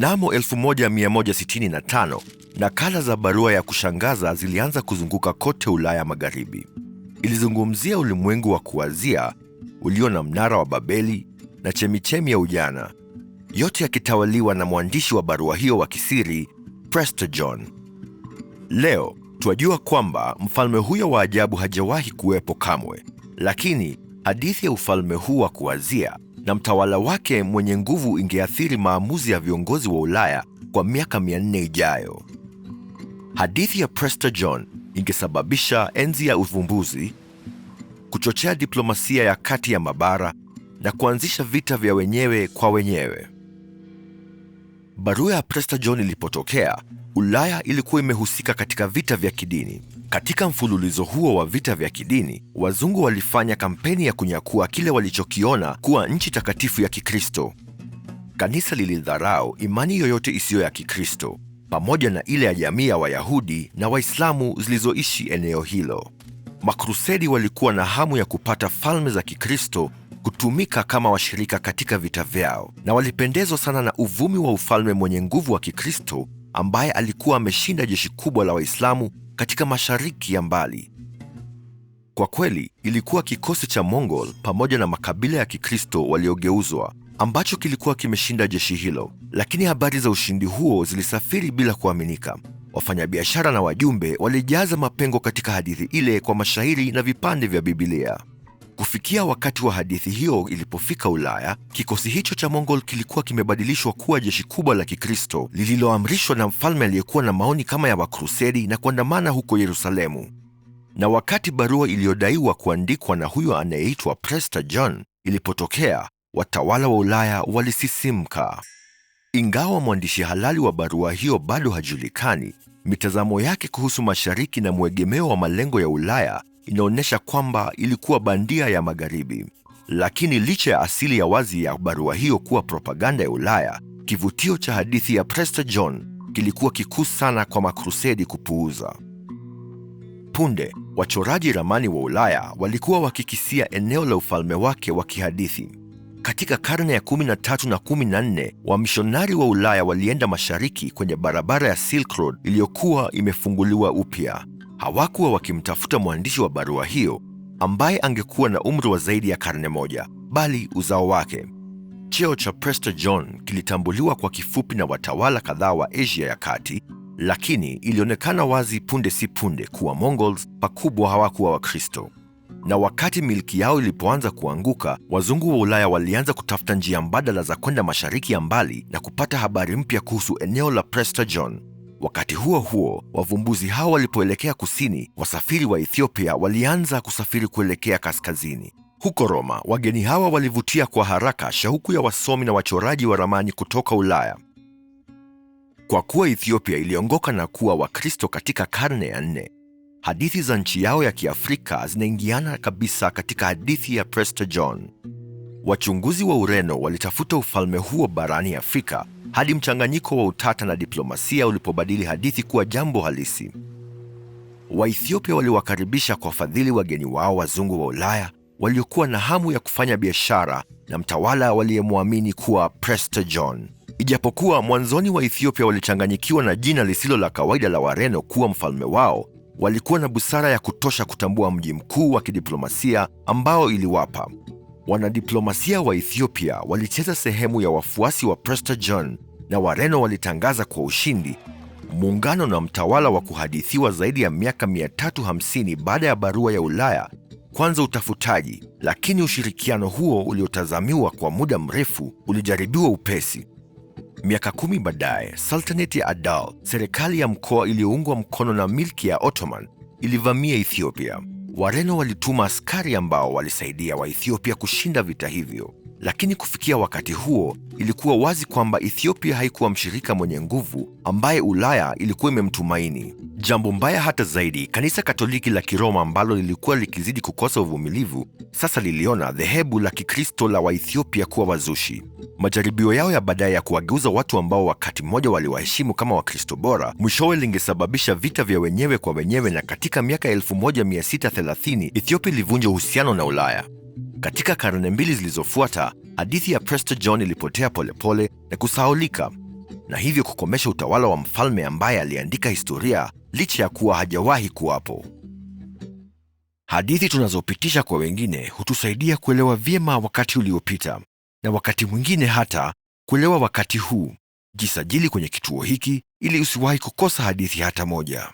Mnamo 1165 nakala za barua ya kushangaza zilianza kuzunguka kote Ulaya Magharibi. Ilizungumzia ulimwengu wa kuwazia ulio na mnara wa Babeli na chemichemi ya ujana, yote yakitawaliwa na mwandishi wa barua hiyo wa kisiri Prester John. Leo twajua kwamba mfalme huyo wa ajabu hajawahi kuwepo kamwe, lakini hadithi ya ufalme huu wa kuwazia na mtawala wake mwenye nguvu ingeathiri maamuzi ya viongozi wa Ulaya kwa miaka 4 ijayo. Hadithi ya Prester John ingesababisha enzi ya uvumbuzi, kuchochea diplomasia ya kati ya mabara na kuanzisha vita vya wenyewe kwa wenyewe. Barua ya Prester John ilipotokea, Ulaya ilikuwa imehusika katika vita vya kidini. Katika mfululizo huo wa vita vya kidini, wazungu walifanya kampeni ya kunyakua kile walichokiona kuwa nchi takatifu ya Kikristo. Kanisa lilidharau imani yoyote isiyo ya Kikristo pamoja na ile ya jamii ya Wayahudi na Waislamu zilizoishi eneo hilo. Makrusedi walikuwa na hamu ya kupata falme za Kikristo kutumika kama washirika katika vita vyao, na walipendezwa sana na uvumi wa ufalme mwenye nguvu wa Kikristo ambaye alikuwa ameshinda jeshi kubwa la Waislamu katika mashariki ya mbali. Kwa kweli, ilikuwa kikosi cha Mongol pamoja na makabila ya Kikristo waliogeuzwa ambacho kilikuwa kimeshinda jeshi hilo, lakini habari za ushindi huo zilisafiri bila kuaminika. Wafanyabiashara na wajumbe walijaza mapengo katika hadithi ile kwa mashairi na vipande vya Biblia. Kufikia wakati wa hadithi hiyo ilipofika Ulaya, kikosi hicho cha Mongol kilikuwa kimebadilishwa kuwa jeshi kubwa la Kikristo lililoamrishwa na mfalme aliyekuwa na maoni kama ya Wakrusedi na kuandamana huko Yerusalemu. Na wakati barua iliyodaiwa kuandikwa na huyo anayeitwa Prester John ilipotokea, watawala wa Ulaya walisisimka. Ingawa mwandishi halali wa barua hiyo bado hajulikani, mitazamo yake kuhusu mashariki na mwegemeo wa malengo ya Ulaya inaonyesha kwamba ilikuwa bandia ya Magharibi. Lakini licha ya asili ya wazi ya barua hiyo kuwa propaganda ya Ulaya, kivutio cha hadithi ya Prester John kilikuwa kikuu sana kwa makrusedi kupuuza. Punde wachoraji ramani wa Ulaya walikuwa wakikisia eneo la ufalme wake wa kihadithi. Katika karne ya 13 na 14, wamishonari wa Ulaya walienda mashariki kwenye barabara ya Silk Road iliyokuwa imefunguliwa upya hawakuwa wakimtafuta mwandishi wa barua hiyo ambaye angekuwa na umri wa zaidi ya karne moja, bali uzao wake. Cheo cha Prester John kilitambuliwa kwa kifupi na watawala kadhaa wa Asia ya Kati, lakini ilionekana wazi punde si punde kuwa Mongols pakubwa hawakuwa Wakristo. Na wakati milki yao ilipoanza kuanguka, wazungu wa Ulaya walianza kutafuta njia mbadala za kwenda mashariki ya mbali na kupata habari mpya kuhusu eneo la Prester John. Wakati huo huo, wavumbuzi hao walipoelekea kusini, wasafiri wa Ethiopia walianza kusafiri kuelekea kaskazini. Huko Roma, wageni hawa walivutia kwa haraka shauku ya wasomi na wachoraji wa ramani kutoka Ulaya. Kwa kuwa Ethiopia iliongoka na kuwa Wakristo katika karne ya nne, hadithi za nchi yao ya Kiafrika zinaingiana kabisa katika hadithi ya Prester John. Wachunguzi wa Ureno walitafuta ufalme huo barani Afrika hadi mchanganyiko wa utata na diplomasia ulipobadili hadithi kuwa jambo halisi. Waethiopia waliwakaribisha kwa fadhili wageni wao wazungu wa Ulaya waliokuwa na hamu ya kufanya biashara na mtawala waliyemwamini kuwa Prester John. Ijapokuwa mwanzoni wa Ethiopia walichanganyikiwa na jina lisilo la kawaida la Wareno kuwa mfalme wao, walikuwa na busara ya kutosha kutambua mji mkuu wa kidiplomasia ambao iliwapa Wanadiplomasia wa Ethiopia walicheza sehemu ya wafuasi wa Prester John na Wareno walitangaza kwa ushindi muungano na mtawala wa kuhadithiwa zaidi ya miaka 350 baada ya barua ya Ulaya kwanza utafutaji, lakini ushirikiano huo uliotazamiwa kwa muda mrefu ulijaribiwa upesi. Miaka kumi baadaye, Sultanate ya Adal, serikali ya mkoa iliyoungwa mkono na milki ya Ottoman, ilivamia Ethiopia. Wareno walituma askari ambao walisaidia Waethiopia kushinda vita hivyo. Lakini kufikia wakati huo ilikuwa wazi kwamba Ethiopia haikuwa mshirika mwenye nguvu ambaye Ulaya ilikuwa imemtumaini. Jambo mbaya hata zaidi, kanisa Katoliki la Kiroma ambalo lilikuwa likizidi kukosa uvumilivu, sasa liliona dhehebu la Kikristo la Waethiopia kuwa wazushi. Majaribio yao ya baadaye ya kuwageuza watu ambao wakati mmoja waliwaheshimu kama Wakristo bora, mwishowe lingesababisha vita vya wenyewe kwa wenyewe, na katika miaka 1630 Ethiopia ilivunja uhusiano na Ulaya. Katika karne mbili zilizofuata, hadithi ya Prester John ilipotea polepole pole na kusahaulika, na hivyo kukomesha utawala wa mfalme ambaye aliandika historia licha ya kuwa hajawahi kuwapo. Hadithi tunazopitisha kwa wengine hutusaidia kuelewa vyema wakati uliopita na wakati mwingine hata kuelewa wakati huu. Jisajili kwenye kituo hiki ili usiwahi kukosa hadithi hata moja.